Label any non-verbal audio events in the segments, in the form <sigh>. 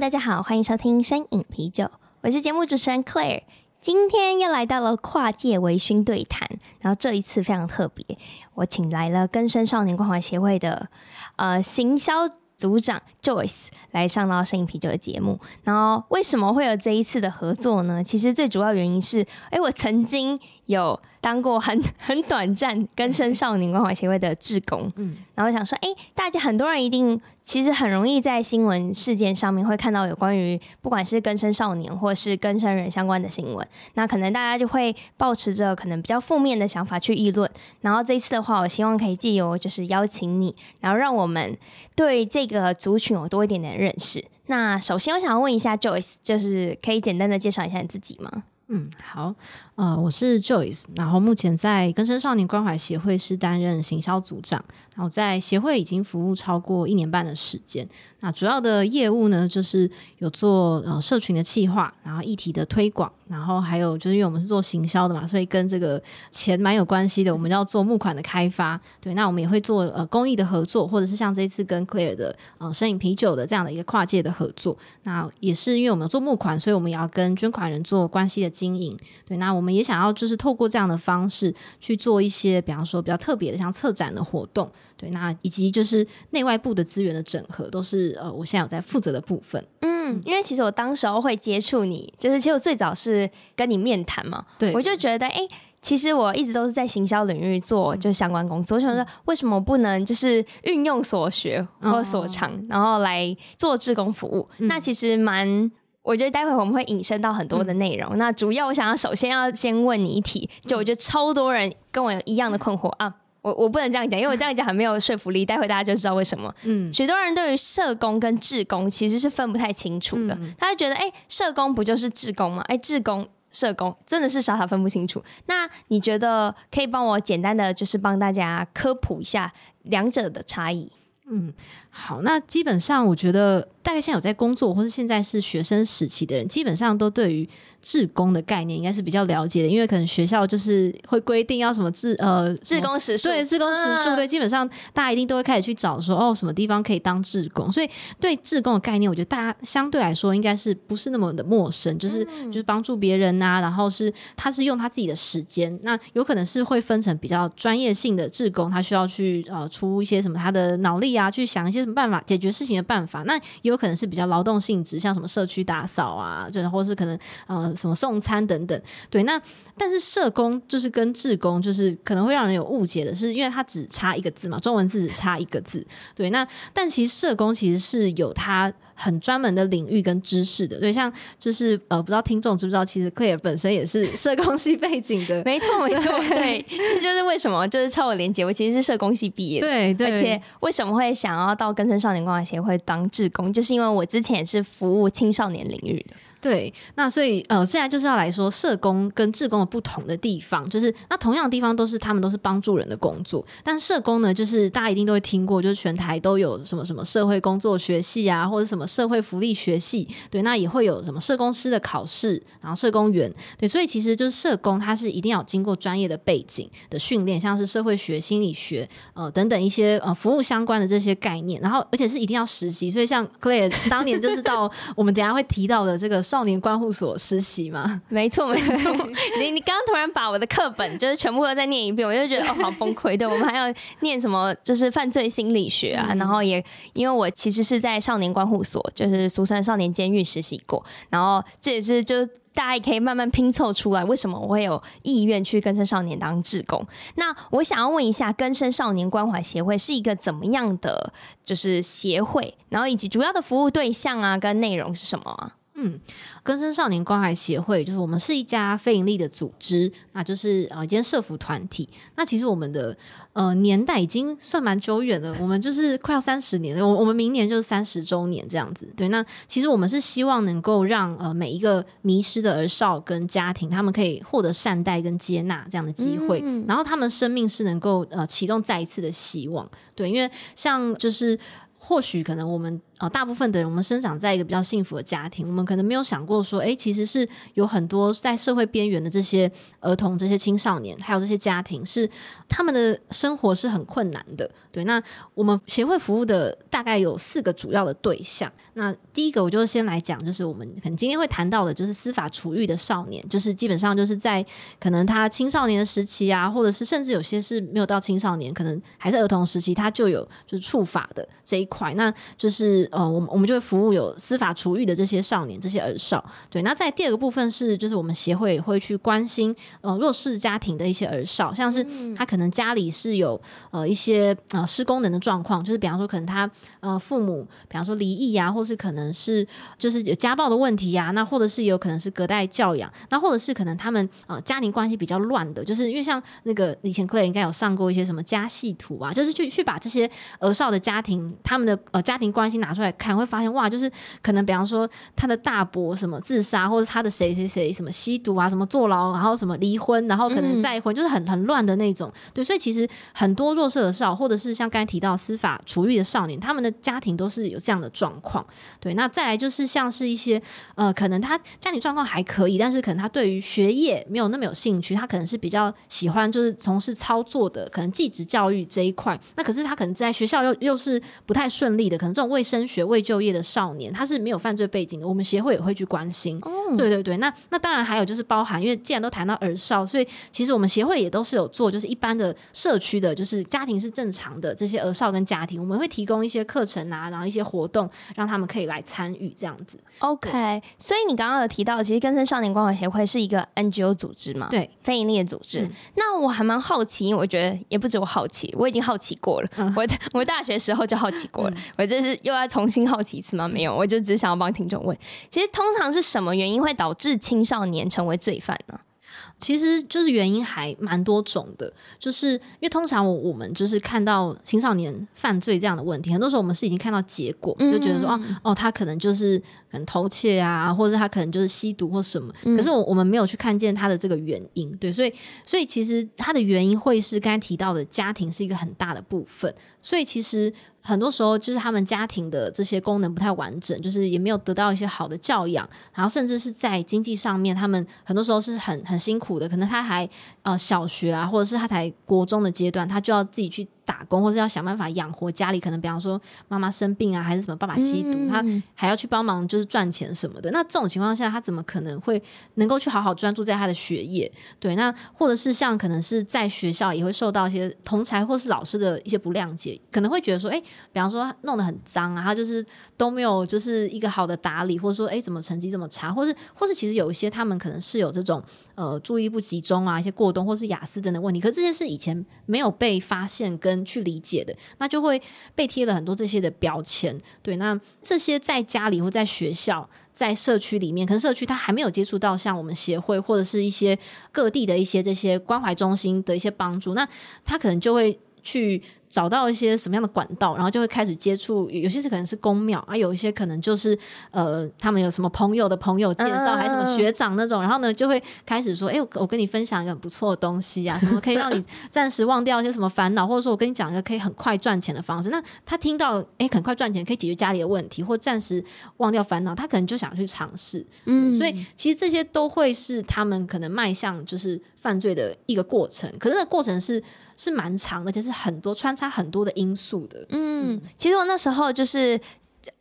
大家好，歡迎收聽《身影啤酒》，我是節目主持人 Claire，今天又來到了跨界微醺對談，然後這一次非常特別，我請來了更生少年關懷協會的呃、行銷組長 Joyce 來上到《身影啤酒》的節目。然後為什麼會有這一次的合作呢？其實最主要原因是，哎，我曾經。有當過很很短暫更生少年關懷協會的志工，嗯，然後我想說，哎、欸，大家很多人一定其實很容易在新聞事件上面會看到有關於不管是更生少年或是更生人相關的新聞，那可能大家就會抱持着可能比較負面的想法去議論。然後這一次的話，我希望可以借由就是邀請你，然後讓我們對這個族群有多一點點認識。那首先，我想問一下 Joyce，就是可以簡單的介紹一下你自己嗎？嗯，好，呃，我是 Joyce，然後目前在更生少年關懷協會是擔任行銷組長，然後在協會已經服務超過一年半的時間。那主要的業務呢，就是有做呃社群的企劃，然後議題的推廣。然後還有就是，因為我們是做行銷的嘛，所以跟這個錢蠻有關係的。我們要做募款的開發，對，那我們也會做呃公益的合作，或者是像這次跟 Claire 的呃生影啤酒的這樣的一個跨界的合作。那也是因為我們做募款，所以我們也要跟捐款人做關係的經營。對，那我們也想要就是透過這樣的方式去做一些，比方說比較特別的，像策展的活動，對，那以及就是內外部的資源的整合，都是呃我現在有在負責的部分。嗯，因為其實我當時候會接觸你，就是其實我最早是跟你面談嘛，對，對、對我就覺得哎、欸，其實我一直都是在行銷領域做就相關工作，嗯、我想說，為什麼不能就是運用所學或所長，哦、然後來做志工服務？嗯、那其實蠻，我覺得待會我們會引申到很多的內容。嗯、那主要我想要，首先要先問你一題，就我覺得超多人跟我有一樣的困惑啊。我我不能這樣講，因為我這樣講很沒有說服力。待會大家就知道為什麼。嗯，許多人對於社工跟志工其實是分不太清楚的，嗯、他就覺得，哎、欸，社工不就是志工嗎？哎、欸，志工社工真的是傻傻分不清楚。那你覺得可以幫我簡單的就是幫大家科普一下兩者的差異？嗯。好，那基本上我覺得，大概現在有在工作或是現在是學生時期的人，基本上都對於志工的概念應該是比較了解的，因為可能學校就是會規定要什麼志呃志工時，所以志工時數，對，志工時數對，基本上大家一定都會開始去找說哦什麼地方可以當志工，所以對志工的概念，我覺得大家相對來說應該是不是那麼的陌生，就是、嗯、就是幫助別人吶、啊，然後是他是用他自己的時間，那有可能是會分成比較專業性的志工，他需要去呃出一些什麼他的腦力啊，去想一些。什麼辦法解決事情的辦法？那也有可能是比較勞動性質，像什麼社區打掃啊，就是或是可能呃什麼送餐等等。對，那但是社工就是跟志工就是可能會讓人有誤解的是，是因為他只差一個字嘛，中文字只差一個字。對，那但其實社工其實是有他。很專門的領域跟知識的，對，像就是呃，不知道聽眾知不知道，其實 Claire 本身也是社工系背景的，沒錯沒錯，對，這對 <laughs> 就是為什麼就是超有連結，我其實是社工系畢業的對，對對，而且為什麼會想要到更生少年關懷協會當志工，就是因為我之前是服務青少年領域的。對，那所以呃，現在就是要來說社工跟志工的不同的地方，就是那，同樣的地方都是他們都是幫助人的工作，但社工呢，就是大家一定都會聽過，就是全台都有什麼什麼社會工作學系啊，或者什麼社會福利學系，對，那也會有什麼社工師的考試，然後社工員，對，所以其實就是社工，它是一定要經過專業的背景的訓練，像是社會學、心理學呃等等一些呃服務相關的這些概念，然後而且是一定要實習，所以像 Claire 當年就是到 <laughs> 我們等一下會提到的這個。少年關護所實習嗎？沒錯，沒錯。 <laughs> 你你剛剛突然把我的課本就是全部都在念一遍，我就覺得哦，好崩潰。 <laughs> 對，我們還要念什麼？就是犯罪心理學啊。嗯、然後也因為我其實是在少年關護所，就是俗稱少年監獄實習過。然後這也是就是大家可以慢慢拼湊出來，為什麼我會有意願去更生少年當志工？那我想要問一下，更生少年關懷協會是一個怎麼樣的就是協會？然後以及主要的服務對象啊，跟內容是什麼、啊？嗯，更生少年關懷協會就是我們是一家非營利的組織，那就是呃，一間社福團體。那其實我們的呃年代已經算蠻久遠了，我們就是快要三十年了， <laughs> 我我們明年就是三十週年這樣子。對，那其實我們是希望能夠讓呃每一個迷失的兒少跟家庭，他們可以獲得善待跟接納這樣的機會，嗯、然後他們生命是能夠呃啟動再一次的希望。對，因為像就是或許可能我們。哦，大部分的人，我們生長在一個比較幸福的家庭，我們可能沒有想過說，哎、欸，其實是有很多在社會邊緣的這些兒童、這些青少年，還有這些家庭，是他們的生活是很困難的。對，那我們協會服務的大概有四個主要的對象。那第一個，我就是先來講，就是我們可能今天會談到的，就是司法處遇的少年，就是基本上就是在可能他青少年的時期啊，或者是甚至有些是沒有到青少年，可能還是兒童時期，他就有就是觸法的這一塊，那就是。呃，我們我們就會服務有司法處遇的這些少年，這些兒少。對，那在第二個部分是，就是我們協會也會去關心呃弱勢家庭的一些兒少，像是他可能家裡是有呃一些呃失功能的狀況，就是比方說可能他呃父母，比方說離異呀，啊，或是可能是就是有家暴的問題呀，啊，那或者是也有可能是隔代教養，那或者是可能他們呃家庭關係比較亂的，就是因為像那個以前 Claire 應該有上過一些什麼家系圖啊，就是去去把這些兒少的家庭他們的呃家庭關係拿。拿出來看會發現哇，就是可能比方說他的大伯什麼自殺，或者他的誰誰誰什麼吸毒啊，什麼坐牢，然後什麼離婚，然後可能再婚，嗯、就是很很亂的那種。對，所以其實很多弱勢的少，或者是像剛才提到司法處遇的少年，他們的家庭都是有這樣的狀況。對，那再來就是像是一些呃，可能他家庭狀況還可以，但是可能他對於學業沒有那麼有興趣，他可能是比較喜歡就是從事操作的，可能技職教育這一塊。那可是他可能在學校又又是不太順利的，可能這種衛生。學未就業的少年，他是沒有犯罪背景的。我們協會也會去關心。Oh. 對對對，那那當然還有就是包含，因為既然都談到兒少，所以其實我們協會也都是有做，就是一般的社區的，就是家庭是正常的這些兒少跟家庭，我們會提供一些課程啊，然後一些活動，讓他們可以來參與這樣子。OK，對所以你剛剛有提到，其實更生少年關懷協會是一個 NGO 組織嘛？對，非營利的組織。嗯、那我還蠻好奇，我覺得也不止我好奇，我已經好奇過了。嗯、我我大學時候就好奇過了， <laughs> 嗯、我就是又要。重新好奇一次嗎？沒有，我就只想要幫聽眾問。其實通常是什麼原因會導致青少年成為罪犯呢、啊？其實就是原因還蠻多種的，就是因為通常我我們就是看到青少年犯罪這樣的問題，很多時候我們是已經看到結果，就覺得說嗯嗯嗯嗯哦，他可能就是可能偷竊啊，或者他可能就是吸毒或什麼。可是我我們沒有去看見他的這個原因，對，所以所以其實他的原因會是剛才提到的家庭是一個很大的部分，所以其實。很多時候就是他們家庭的這些功能不太完整，就是也沒有得到一些好的教養，然後甚至是在經濟上面，他們很多時候是很很辛苦的。可能他還呃小學啊，或者是他才國中的階段，他就要自己去打工，或是要想辦法養活家裡，可能比方說媽媽生病啊，還是什麼爸爸吸毒，嗯、他還要去幫忙，就是賺錢什麼的。那這種情況下，他怎麼可能會能夠去好好專注在他的學業？對，那或者是像可能是在學校也會受到一些同儕或是老師的一些不諒解，可能會覺得說，哎、欸，比方說弄得很髒啊，他就是都沒有就是一個好的打理，或者說，哎、欸，怎麼成績這麼差，或是或是其實有一些他們可能是有這種呃注意力不集中啊，一些過動或是亞斯等等問題，可是這些是以前沒有被發現跟。去理解的，那就會被貼了很多這些的標籤。對，那這些在家裡或在學校、在社區裡面，可能社區他還沒有接觸到像我們協會或者是一些各地的一些這些關懷中心的一些幫助，那他可能就會去。找到一些什麼樣的管道，然後就會開始接觸。有些是可能是宮廟啊，有一些可能就是呃，他們有什麼朋友的朋友介紹，啊、還是什麼學長那種。然後呢，就會開始說：“哎、欸，我跟你分享一個很不錯的東西啊，什麼可以讓你暫時忘掉一些什麼煩惱， <laughs> 或者說我跟你講一個可以很快賺錢的方式。”那他聽到“哎、欸，很快賺錢可以解決家裡的問題，或暫時忘掉煩惱”，他可能就想去嘗試。嗯，所以其實這些都會是他們可能邁向就是犯罪的一個過程。可是那個過程是是蠻長的，就是很多穿插很多的因素的。嗯，嗯，其實我那時候就是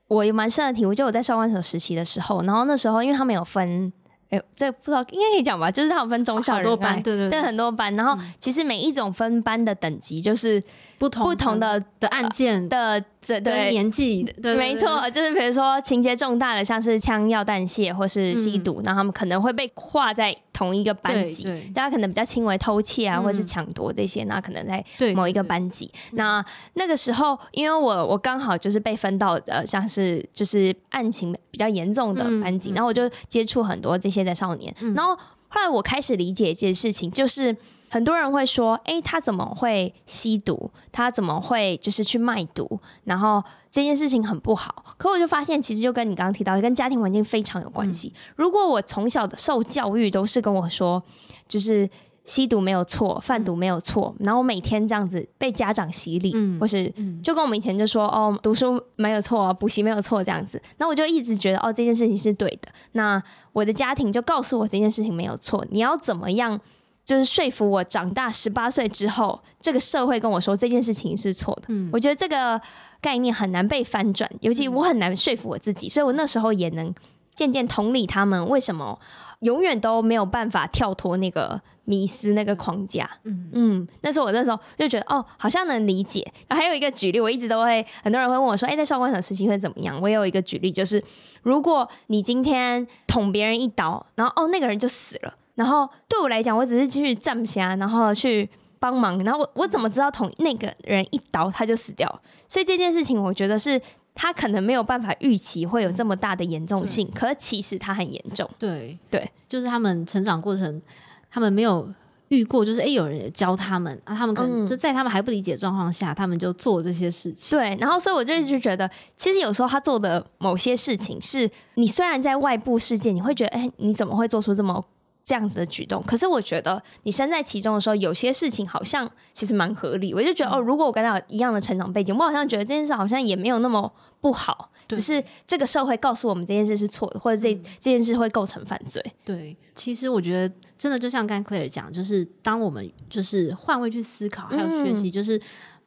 我有蠻深的體會，就我在少管所實習的時候，然後那時候因為他們有分，哎、欸，這個、不知道應該可以講吧，就是他們分中小人好好多班，對對，對，對，很多班，然後其實每一種分班的等級就是不同不同的的案件的的的年紀，嗯、對，對，沒錯，就是比如說情節重大的，像是槍藥彈械或是吸毒，嗯、然後他們可能會被跨在。同一個班級，對對，大家可能比較輕微偷竊啊，嗯、或是搶奪這些，那可能在某一個班級。對對對那、嗯、那個時候，因為我我剛好就是被分到呃，像是就是案情比較嚴重的班級，嗯嗯、然後我就接觸很多這些的少年。嗯、然後後來我開始理解一件事情，就是。很多人會說：“誒，他怎麼會吸毒？他怎麼會就是去賣毒？然後這件事情很不好。”可我就發現，其實就跟你剛剛提到，跟家庭環境非常有關係。嗯。如果我從小受教育都是跟我說，就是吸毒沒有錯，販毒沒有錯，嗯。然後我每天這樣子被家長洗禮，嗯。或是就跟我們以前就說：“哦，讀書沒有錯，補習沒有錯。”這樣子，那我就一直覺得哦，這件事情是對的。那我的家庭就告訴我這件事情沒有錯，你要怎麼樣？就是說服我長大十八歲之後，這個社會跟我說這件事情是錯的。嗯，我覺得這個概念很難被翻轉，尤其我很難說服我自己。嗯、所以我那時候也能漸漸同理他們為什麼永遠都沒有辦法跳脫那個迷思、那個框架。嗯嗯，那時候我那時候就覺得哦，好像能理解。還有一個舉例，我一直都會很多人會問我說：“哎，在少觀所實習會怎麼樣？”我也有一個舉例就是，如果你今天捅別人一刀，然後哦那個人就死了。然後對我來講，我只是繼續站不起然後去幫忙。然後我我怎麼知道捅那個人一刀他就死掉了？所以這件事情，我覺得是他可能沒有辦法預期會有這麼大的嚴重性。對可是其實他很嚴重。對對，對就是他們成長過程，他們沒有遇過，就是哎有人教他們啊，他們可能就在他們還不理解狀況下，他們就做這些事情。對，然後所以我就一直覺得，其實有時候他做的某些事情是，是你雖然在外部世界，你會覺得哎，你怎麼會做出這麼。這樣子的舉動，可是我覺得你身在其中的時候，有些事情好像其實蠻合理。我就覺得、嗯、哦，如果我跟他有一樣的成長背景，我好像覺得這件事好像也沒有那麼不好，對 只是這個社會告訴我們這件事是錯的，或者這、嗯、這件事會構成犯罪。對，其實我覺得真的就像剛剛 Claire 講，就是當我們就是換位去思考，還有學習，嗯、就是。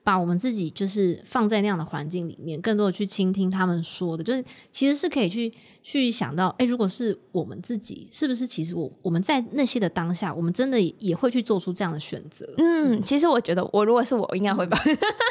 把我們自己就是放在那樣的環境裡面，更多的去傾聽他們說的，就是其實是可以去去想到，哎、欸，如果是我們自己，是不是其實我我們在那些的當下，我們真的也，也會去做出這樣的選擇？嗯，其實我覺得，我如果是我，應該會吧。 <laughs> <laughs>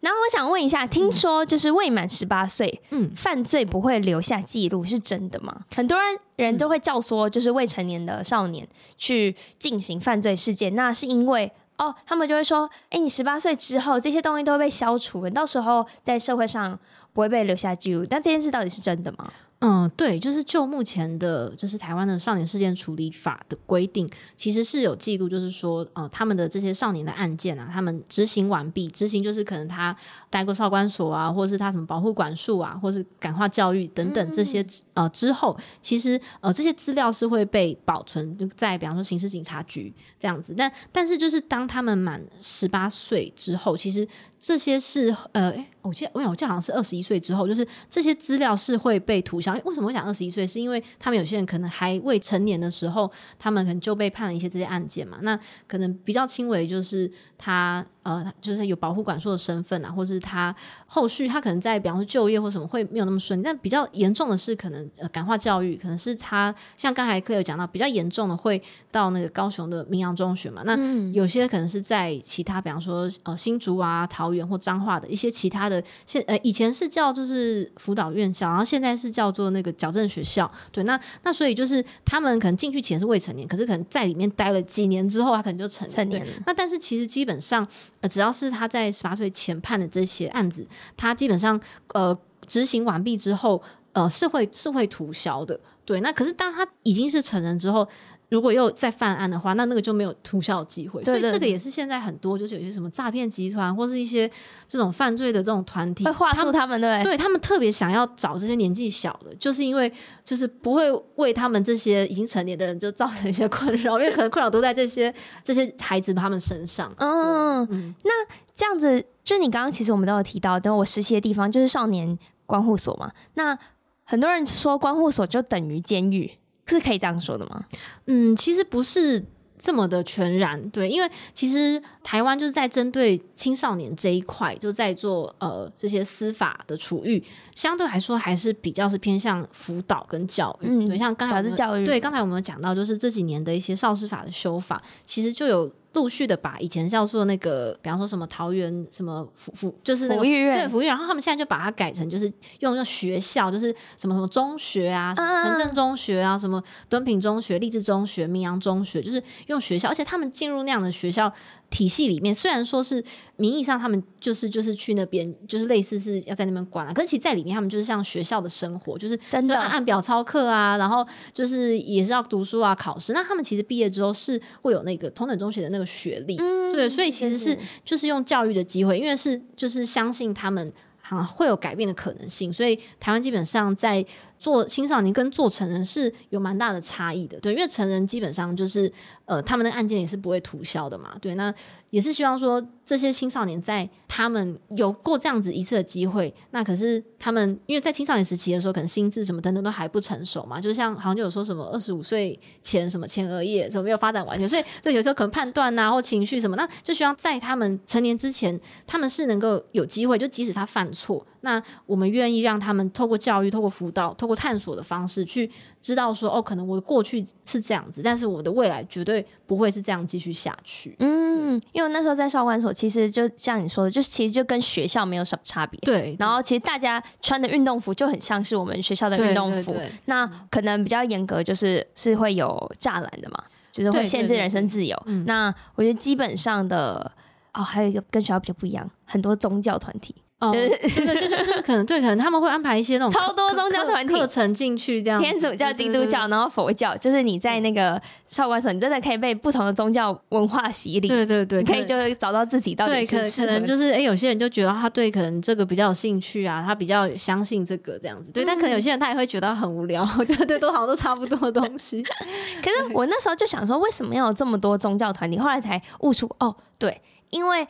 然後我想問一下，聽說就是未滿十八歲，嗯，犯罪不會留下記錄，是真的嗎？嗯、很多人人都會教唆就是未成年的少年去進行犯罪事件，那是因為。哦，他們就會說：“哎，你十八歲之後，這些東西都會被消除，你到時候在社會上。”不會被留下記錄，但這件事到底是真的嗎？嗯、呃，對，就是就目前的，就是台灣的少年事件處理法的規定，其實是有記錄，就是說，呃，他們的這些少年的案件啊，他們執行完畢，執行就是可能他待過少管所啊，或是他什麼保護管束啊，或是感化教育等等這些呃之後，其實呃這些資料是會被保存在，比方說刑事警察局這樣子，但但是就是當他們滿十八歲之後，其實這些是呃，我記得，我我記得好像是二十一歲之後，就是這些資料是會被塗銷。為什麼會講二十一歲？是因為他們有些人可能還未成年的時候，他們可能就被判了一些這些案件嘛。那可能比較輕微，就是他呃，就是有保護管束的身份啊，或者是他後續他可能在比方說就業或什麼會沒有那麼順利。但比較嚴重的是，可能、呃、感化教育，可能是他像剛才 Claire 有講到，比較嚴重的會到那個高雄的明陽中學嘛。那有些可能是在其他比方說呃新竹啊、桃園或彰化的一些其他的。現呃，以前是叫就是輔導院校，然後現在是叫做那個矯正學校。對，那那所以就是他們可能進去前是未成年，可是可能在裡面待了幾年之後，他可能就成成年對。那但是其實基本上，呃、只要是他在十八歲前判的這些案子，他基本上呃執行完畢之後，呃是會是會塗銷的。對，那可是當他已經是成人之後，如果又再犯案的話，那那個就沒有塗銷的機會。對對對，所以這個也是現在很多就是有些什麼詐騙集團或是一些這種犯罪的這種團體，會話術他們對對他。對，對他們特別想要找這些年紀小的，就是因為就是不會為他們這些已經成年的人就造成一些困擾， <laughs> 因為可能困擾都在這些 <laughs> 這些孩子他們身上。嗯，嗯，那這樣子就你剛剛其實我們都有提到的，等我實習的地方就是少年觀護所嘛。那很多人說觀護所就等於監獄。是可以這樣說的嗎？嗯，其實不是這麼的全然對，因為其實台灣就是在針對青少年這一塊，就在做呃這些司法的處遇，相對來說還是比較是偏向輔導跟教育。嗯，對，像剛才教育，對剛才我們有講到，就是這幾年的一些少司法的修法，其實就有。陸續的把以前叫做那個，比方說什麼桃園什麼福福就是那個，輔育院，對輔育院，然後他們現在就把它改成就是用那學校，就是什麼什麼中學啊，誠正中學啊，嗯、什麼敦品中學、勵志中學、明陽中，中學，就是用學校，而且他們進入那樣的學校。體系裡面雖然說是名義上他們就是就是去那邊就是類似是要在那邊管了、啊，可是其實在裡面他們就是像學校的生活，就是真的按表操課啊，然後就是也是要讀書啊、考試。那他們其實畢業之後是會有那個同等中學的那個學歷，對、嗯，所以其實是、嗯、就是用教育的機會，因為是就是相信他們啊會有改變的可能性，所以台灣基本上在。做青少年跟做成人是有蠻大的差異的，對，因為成人基本上就是呃，他們的案件也是不會塗銷的嘛，對，那也是希望說這些青少年在他們有過這樣子一次的機會，那可是他們因為在青少年時期的時候，可能心智什麼等等都還不成熟嘛，就是像好像就有說什麼二十五歲前什麼前額葉什麼沒有發展完全，所以就有時候可能判斷啊，或情緒什麼，那就希望在他們成年之前，他們是能夠有機會，就即使他犯錯，那我們願意讓他們透過教育、透過輔導、過探索的方式去知道說哦，可能我的過去是這樣子，但是我的未來絕對不會是這樣繼續下去。嗯，因為那時候在少觀所，其實就像你說的，就其實就跟學校沒有什麼差別。對，對，對。然後其實大家穿的運動服就很像是我們學校的運動服。對對對，那可能比較嚴格，就是是會有柵欄的嘛，就是會限制人身自由。對對對，嗯、那我覺得基本上的哦，還有一個跟學校比較不一樣，很多宗教團體。就、oh, 對，對對對， <laughs> 可能對，可能他們會安排一些那種超多宗教團體課、課程進去，這樣天主教、基督教，對對對對然後佛教，就是你在那個少管所，對對對，你真的可以被不同的宗教文化洗禮。對對對，你可以就是找到自己到底是對可能就是哎，有些人就覺得他對，可能這個比較有興趣啊，他比較相信這個這樣子。對，嗯、但可能有些人他也會覺得很無聊，覺得對，都好像都差不多的東西。 <laughs> 可是我那時候就想說，為什麼要有這麼多宗教團體？後來才悟出哦，對，因為。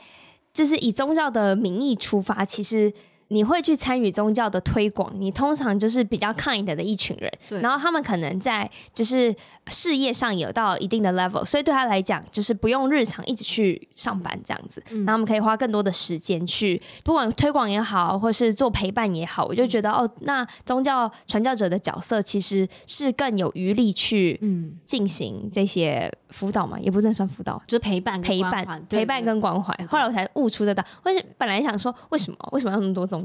就是以宗教的名義出發，其實。你會去參與宗教的推廣，你通常就是比較 kind 的一群人，對然後他們可能在就是事業上有到一定的 level，所以對他來講就是不用日常一直去上班這樣子，嗯、然後我們可以花更多的時間去，不管推廣也好，或是做陪伴也好，我就覺得哦，那宗教傳教者的角色其實是更有餘力去嗯進行這些輔導嘛，也不能算輔導，就是陪伴陪伴對陪伴跟關懷。後來我才悟出的到，或者本來想說為什麼為什麼要那麼多宗。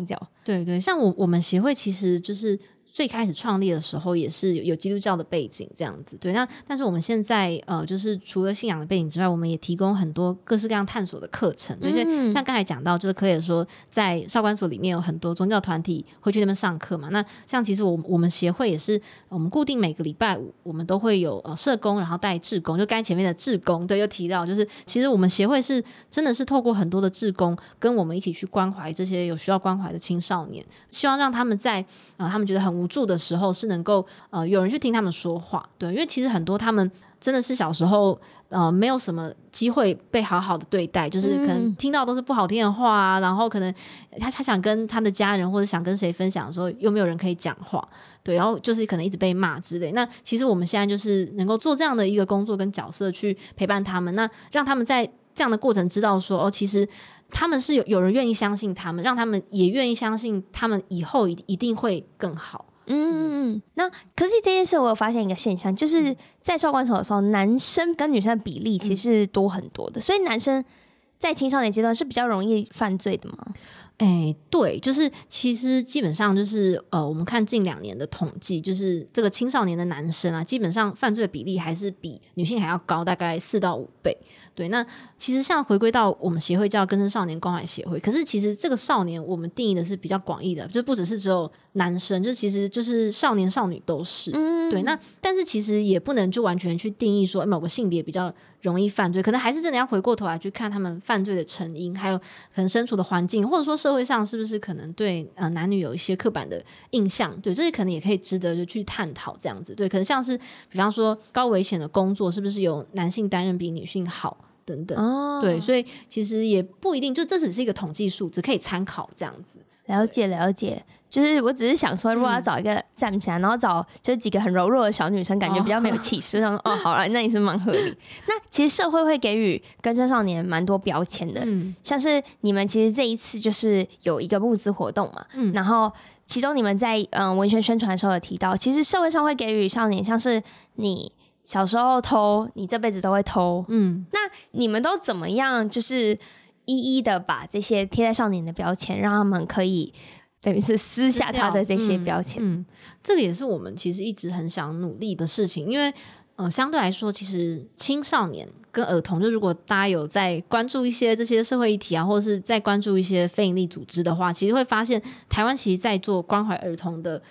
對對，像我我們協會其實就是。最開始創立的時候也是有，有基督教的背景這樣子，對。那但是我們現在呃，就是除了信仰的背景之外，我們也提供很多各式各樣探索的課程。對，嗯、像剛才講到，就是可以說在少管所裡面有很多宗教團體會去那邊上課嘛。那像其實我們我們協會也是，我們固定每個禮拜五我們都會有呃社工，然後帶志工。就剛才前面的志工，對，又提到就是其實我們協會是真的是透過很多的志工跟我們一起去關懷這些有需要關懷的青少年，希望讓他們在呃，他們覺得很。無助的時候是能夠呃有人去聽他們說話，對，因為其實很多他們真的是小時候呃沒有什麼機會被好好的對待，就是可能聽到都是不好聽的話啊，嗯，然後可能他他想跟他的家人或者想跟誰分享的時候又沒有人可以講話，對，然後就是可能一直被罵之類。那其實我們現在就是能夠做這樣的一個工作跟角色去陪伴他們，那讓他們在這樣的過程知道說哦，其實他們是有有人願意相信他們，讓他們也願意相信他們以後一一定會更好。嗯，那可是這件事，我有發現一個現象，就是在少管所的時候，嗯、男生跟女生的比例其實多很多的，嗯、所以男生在青少年階段是比較容易犯罪的嘛？誒、欸，對，就是其實基本上就是呃，我們看近兩年的統計，就是這個青少年的男生啊，基本上犯罪比例還是比女性還要高，大概四到五倍。對，那其實像回歸到我們協會叫“更生少年關懷協會”，可是其實這個少年我們定義的是比較廣義的，就不只是只有男生，就其實就是少年少女都是。嗯、對，那但是其實也不能就完全去定義說某個性別比較容易犯罪，可能還是真的要回過頭來去看他們犯罪的成因，嗯、還有可能身處的環境，或者說社會上是不是可能對呃男女有一些刻板的印象？對，這些可能也可以值得就去探討這樣子。對，可能像是比方說高危險的工作是不是由男性擔任比女性好？等等，哦、對，所以其實也不一定，就這只是一個統計數，只可以參考這樣子。了解了解，對就是我只是想說，如果要找一個站起來，嗯、然後找就幾個很柔弱的小女生，感覺比較沒有氣勢，哦然後哦，好了， <laughs> 那也是蠻合理。 <laughs> 那其實社會會給予更生少年蠻多標籤的，嗯、像是你們其實這一次就是有一個募資活動嘛，嗯、然後其中你們在嗯文宣,宣傳的時候有提到，其實社會上會給予少年像是你。小時候偷，你這輩子都會偷。嗯，那你們都怎麼樣？就是一一的把這些貼在少年的標籤，讓他們可以，等於是撕下他的這些標籤。嗯，嗯，這個也是我們其實一直很想努力的事情，因為，呃，相對來說，其實青少年跟兒童，就如果大家有在關注一些這些社會議題啊，或者是在關注一些非營利組織的話，其實會發現台灣其實在做關懷兒童的。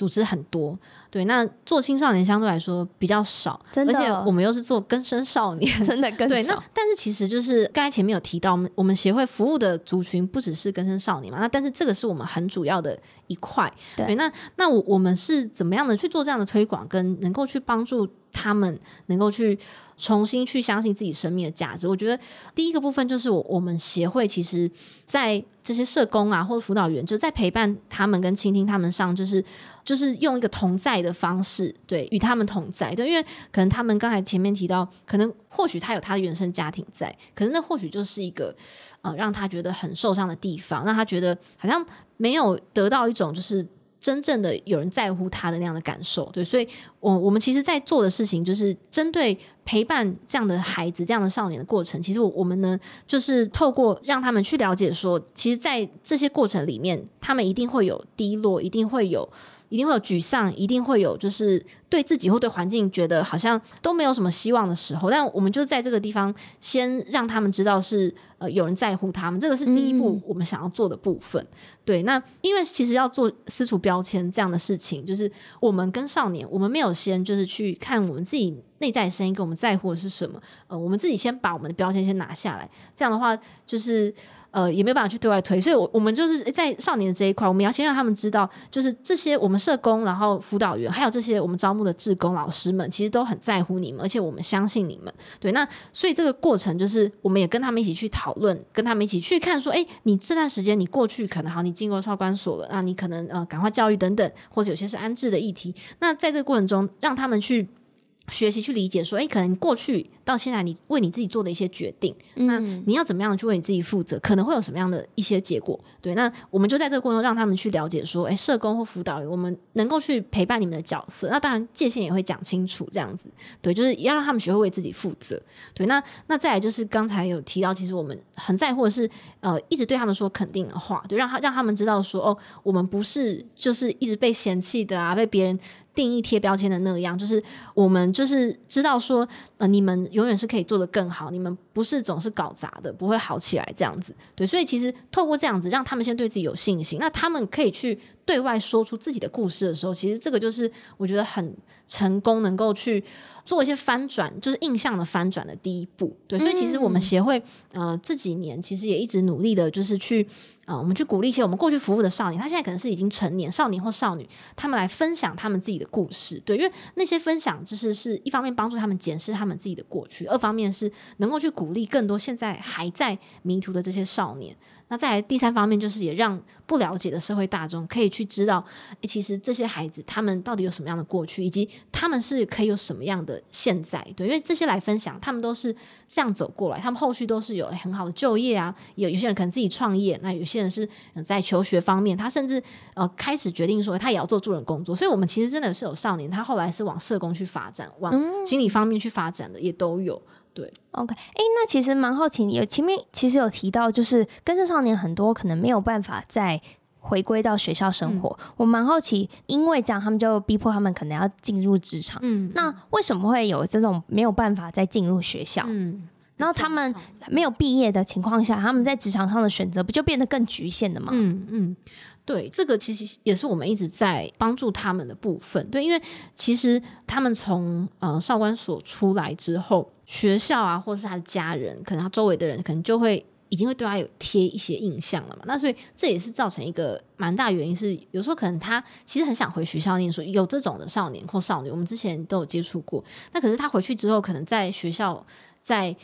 組織很多，對，那做青少年相對來說比較少，真的，而且我們又是做更生少年，真的更少對那。但是其實就是剛才前面有提到，我們我們協會服務的族群不只是更生少年嘛，那但是這個是我們很主要的一塊。對，對，那那我我們是怎麼樣的去做這樣的推廣，跟能夠去幫助？他們能夠去重新去相信自己生命的價值。我覺得第一個部分就是我我們協會其實，在這些社工啊或者輔導員，就在陪伴他們跟傾聽他們上，就是就是用一個同在的方式，對，與他們同在。對，因為可能他們剛才前面提到，可能或許他有他的原生家庭在，可是那或許就是一個呃讓他覺得很受傷的地方，讓他覺得好像沒有得到一種就是。真正的有人在乎他的那樣的感受，對，所以，我我們其實在做的事情，就是針對陪伴這樣的孩子、這樣的少年的過程，其實我們呢，就是透過讓他們去了解，說，其實，在這些過程裡面，他們一定會有低落，一定會有。一定會有沮喪，一定會有就是對自己或對環境覺得好像都沒有什麼希望的時候，但我們就在這個地方先讓他們知道是呃有人在乎他們，這個是第一步我們想要做的部分。嗯嗯對，那因為其實要做撕除標籤這樣的事情，就是我們跟少年，我們沒有先就是去看我們自己內在的聲音跟我們在乎的是什麼，呃，我們自己先把我們的標籤先拿下來，這樣的話就是。呃，也沒有辦法去對外推，所以，我我們就是在少年的這一塊，我們要先讓他們知道，就是這些我們社工，然後輔導員，還有這些我們招募的志工老師們，其實都很在乎你們，而且我們相信你們。對，那所以這個過程就是，我們也跟他們一起去討論，跟他們一起去看，說，哎，你這段時間你過去可能好，你進過少管所了，那、啊、你可能呃，感化教育等等，或者有些是安置的議題。那在這個過程中，讓他們去。學習去理解，說，欸，可能過去到現在，你為你自己做的一些決定，嗯，那你要怎麼樣去為你自己負責？可能會有什麼樣的一些結果？對，那我們就在這個過程中讓他們去了解，說，欸，社工或輔導員，我們能夠去陪伴你們的角色，那當然界限也會講清楚，這樣子，對，就是要讓他們學會為自己負責。對，那那再來就是剛才有提到，其實我們很在乎的是，呃，一直對他們說肯定的話，對，讓他讓他們知道說，哦，我們不是就是一直被嫌棄的啊，被別人。定義貼標籤的那樣，就是我們就是知道說，呃，你們永遠是可以做得更好，你們，不是總是搞砸的，不會好起來這樣子，對，所以其實透過這樣子，讓他們先對自己有信心，那他們可以去對外說出自己的故事的時候，其實這個就是我覺得很成功，能夠去做一些翻轉，就是印象的翻轉的第一步，對，所以其實我們協會呃這幾年其實也一直努力的，就是去啊、呃，我們去鼓勵一些我們過去服務的少年，他現在可能是已經成年少年或少女，他們來分享他們自己的故事，對，因為那些分享就是是一方面幫助他們檢視他們自己的過去，二方面是能夠去鼓。鼓勵更多現在還在迷途的這些少年。那在第三方面，就是也讓不了解的社會大眾可以去知道，欸，其實這些孩子他們到底有什麼樣的過去，以及他們是可以有什麼樣的現在。對，因為這些來分享，他們都是這樣走過來，他們後續都是有很好的就業啊。有有些人可能自己創業，那有些人是在求學方面，他甚至呃開始決定說他也要做助人工作。所以，我們其實真的是有少年，他後來是往社工去發展，往心理方面去發展的，也都有。嗯對，OK，哎，那其實蠻好奇，有前面其實有提到，就是更生少年很多可能沒有辦法再回歸到學校生活。嗯、我蠻好奇，因為這樣他們就逼迫他們可能要進入職場。嗯，那為什麼會有這種沒有辦法再進入學校？嗯，然後他們沒有畢業的情況下，他們在職場上的選擇不就變得更局限了嗎？嗯嗯，對，這個其實也是我們一直在幫助他們的部分。對，因為其實他們從呃少觀所出來之後。學校啊，或者是他的家人，可能他周圍的人，可能就會已經會對他有貼一些印象了嘛。那所以這也是造成一個蠻大原因是，是有時候可能他其實很想回學校念書，有這種的少年或少女，我們之前都有接觸過。那可是他回去之後，可能在學校在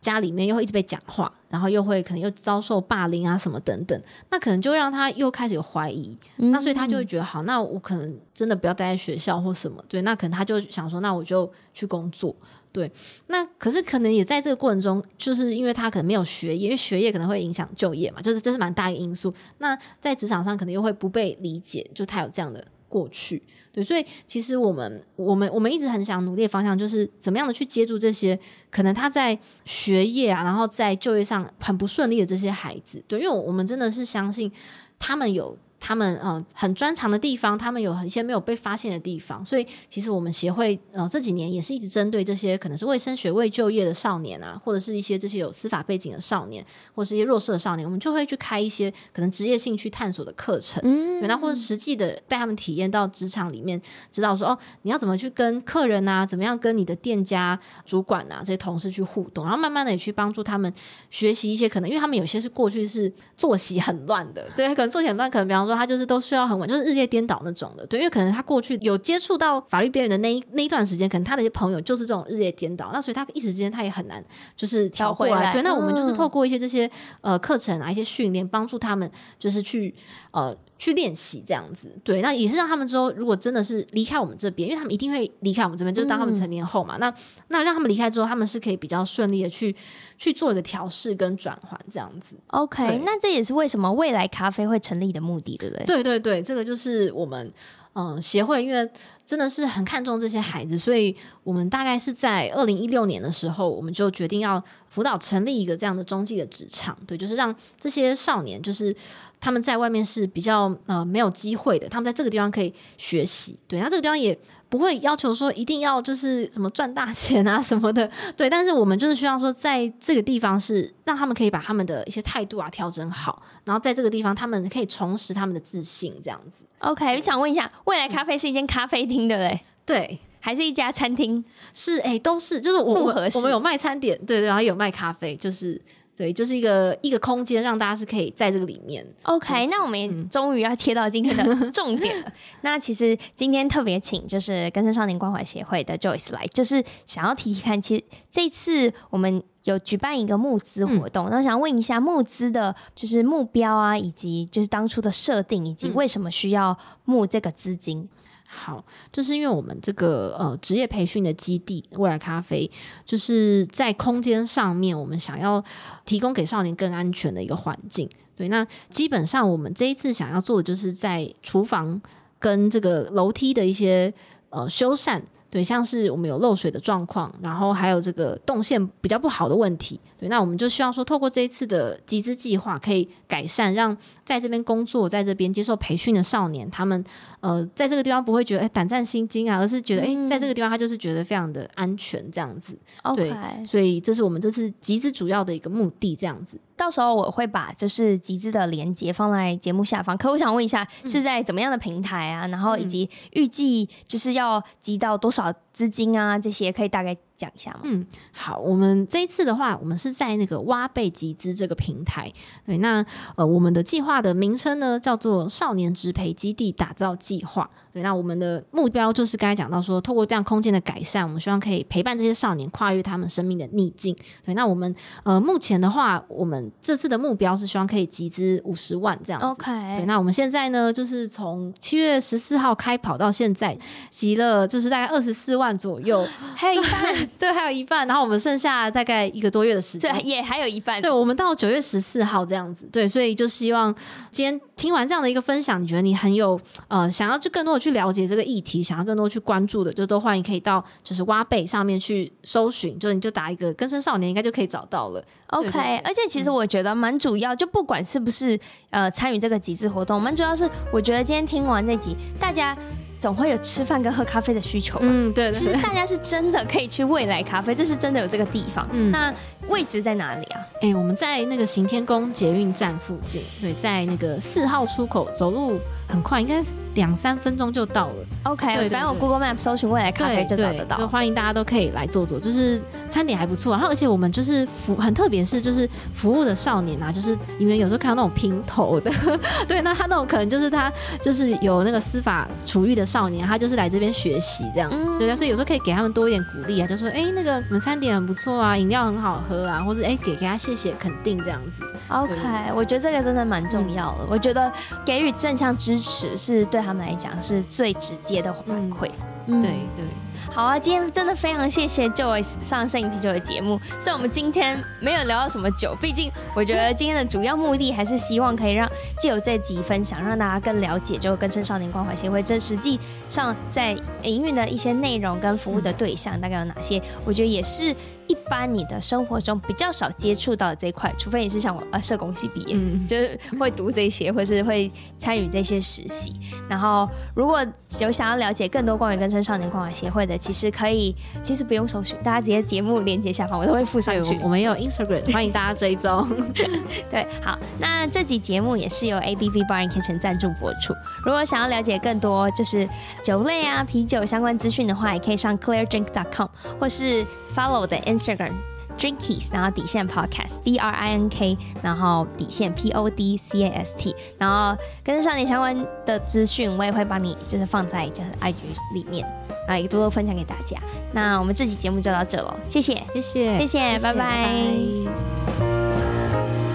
家裡面又會一直被講話，然後又會可能又遭受霸凌啊什麼等等，那可能就讓他又開始有懷疑。那所以他就會覺得好，那我可能真的不要待在學校或什麼，對，那可能他就想說，那我就去工作。對，那可是可能也在這個過程中，就是因為他可能沒有學業，因為學業可能會影響就業嘛，就是這是蠻大一個因素。那在職場上可能又會不被理解，就他有這樣的過去，對，所以其實我們我們我們一直很想努力的方向就是怎麼樣的去接住這些可能他在學業啊，然後在就業上很不順利的這些孩子，對，因為我們真的是相信他們有。他們呃很專長的地方，他們有一些沒有被發現的地方，所以其實我們協會呃這幾年也是一直針對這些可能是未升學未就業的少年啊，或者是一些這些有司法背景的少年，或者是一些弱勢的少年，我們就會去開一些可能職業興趣探索的課程，那、嗯、或者實際的帶他們體驗到職場裡面，知道說哦，你要怎麼去跟客人吶、啊，怎麼樣跟你的店家主管吶、啊、這些同事去互動，然後慢慢的也去幫助他們學習一些可能，因為他們有些是過去是作息很亂的，對，可能作息很亂，可能比方說。他就是都睡到很晚，就是日夜顛倒那種的，對，因為可能他過去有接觸到法律邊緣的那一那一段時間，可能他的一些朋友就是這種日夜顛倒，那所以他一時之間他也很難就是調回來，對，嗯、那我們就是透過一些這些呃課程啊一些訓練，幫助他們就是去呃。去練習這樣子，對，那也是讓他們之後如果真的是離開我們這邊，因為他們一定會離開我們這邊，就是當他們成年後嘛，嗯、那那讓他們離開之後，他們是可以比較順利的去去做一個調試跟轉換這樣子。OK，對那這也是為什麼未來咖啡會成立的目的，對不對？對對對，這個就是我們。嗯，協會因為真的是很看重這些孩子，所以我們大概是在二零一六年的時候，我們就決定要輔導成立一個這樣的中繼的職場，對，就是讓這些少年，就是他們在外面是比較呃沒有機會的，他們在這個地方可以學習，對，那這個地方也。不會要求說一定要就是什麼賺大錢啊什麼的，對。但是我們就是需要說，在這個地方是讓他們可以把他們的一些態度啊調整好，然後在這個地方他們可以重拾他們的自信，這樣子。OK，、嗯、我想問一下，未來咖啡是一間咖啡廳的嘞？嗯、對，還是一家餐廳？是哎、欸，都是就是我，複合式，我，我們有賣餐點，對對，然後也有賣咖啡，就是。對，就是一個一個空間，讓大家是可以在這個裡面。OK，、就是、那我們也終於要切到今天的重點了。 <laughs> 那其實今天特別請就是更生少年關懷協會的 Joyce 來，就是想要提提看，其實這次我們有舉辦一個募資活動，嗯、那我想問一下募資的就是目標啊，以及就是當初的設定，以及為什麼需要募這個資金。嗯好，就是因為我們這個呃職業培訓的基地未來咖啡，就是在空間上面，我們想要提供給少年更安全的一個環境。對，那基本上我們這一次想要做的，就是在廚房跟這個樓梯的一些呃修繕。對，像是我們有漏水的狀況，然後還有這個動線比較不好的問題。對，那我們就希望說，透過這一次的集資計劃，可以改善，讓在這邊工作、在這邊接受培訓的少年他們。呃，在這個地方不會覺得欸、膽戰心驚啊，而是覺得哎，在這個地方他就是覺得非常的安全這樣子。嗯、對，Okay 所以這是我們這次集資主要的一個目的這樣子。到時候我會把就是集資的連接放在節目下方。可我想問一下，是在怎麼樣的平台啊？嗯、然後以及預計就是要集到多少？資金啊，這些可以大概講一下嗎？嗯，好，我們這一次的話，我們是在那個挖貝集資這個平台。對，那呃，我們的計劃的名稱呢，叫做少年職培基地打造計劃。對，那我們的目標就是剛才講到說，透過這樣空間的改善，我們希望可以陪伴這些少年跨越他們生命的逆境。對，那我們呃，目前的話，我們這次的目標是希望可以集資五十萬這樣。OK，對，那我們現在呢，就是從七月十四號開跑到現在，集了就是大概二十四萬左右， <laughs> 還一半，對，對，還有一半，然後我們剩下大概一個多月的時間，對，也還有一半。對，我們到九月十四號這樣子，對，所以就希望今天聽完這樣的一個分享，你覺得你很有呃，想要去更多的。去了解這個議題，想要更多去關注的，就都歡迎可以到就是挖貝上面去搜尋，就你就打一個“更生少年”，應該就可以找到了。OK，而且其實我覺得蠻主要，嗯、就不管是不是呃參與這個集資活動，蠻主要是我覺得今天聽完這集，大家總會有吃飯跟喝咖啡的需求吧。嗯，對。其實大家是真的可以去未來咖啡，這，就是真的有這個地方。嗯，那位置在哪裡啊？哎、欸，我們在那個行天宮捷運站附近，對，在那個四號出口走路，很快應該兩三分鐘就到了。OK，對對對反正我 Google Map 搜尋未來咖啡就找得到。對對對就歡迎大家都可以來坐坐，就是餐點還不錯、啊，然後而且我們就是服很特別，是就是服務的少年啊，就是你們有時候看到那種平頭的， <laughs> 對，那他那種可能就是他就是有那個司法處遇的少年，他就是來這邊學習這樣子，嗯、對，所以有時候可以給他們多一點鼓勵啊，就說哎、欸，那個你們餐點很不錯啊，飲料很好喝啊，或者哎、欸、給給他謝謝肯定這樣子。OK，對我覺得這個真的蠻重要的，嗯、我覺得給予正向支。支持是對他們來講是最直接的反饋。對對，好啊，今天真的非常謝謝 Joyce 上《攝影啤酒》的節目。雖然我們今天沒有聊到什麼酒，畢竟我覺得今天的主要目的還是希望可以讓藉由這集分享，讓大家更了解就更生少年關懷協會。這實際上在營運的一些內容跟服務的對象、嗯、大概有哪些？我覺得也是。一般你的生活中比較少接觸到的這塊，除非你是像我啊，社工系畢業，嗯、就是會讀這些，或是會參與這些實習。然後，如果有想要了解更多關於更生少年關懷協會的，其實可以，其實不用搜尋，大家直接節目連接下方我都會附上去。 <laughs> 我們有 Instagram，歡迎大家追蹤。 <laughs> <laughs> 對，好，那這集節目也是由 ABB Bar & Kitchen 贊助播出。如果想要了解更多就是酒類啊、啤酒相關資訊的話，也可以上 ClearDrink.com，或是。Follow the Instagram Drinkies，然後底線 Podcast D R I N K，然後底線 P O D C A S T，然後跟上你相關的資訊，我也會幫你，就是放在就是 IG 裡面，啊，也多多分享給大家。那我們這期節目就到這咯，謝謝，謝謝，謝謝，拜拜 bye。謝謝 bye bye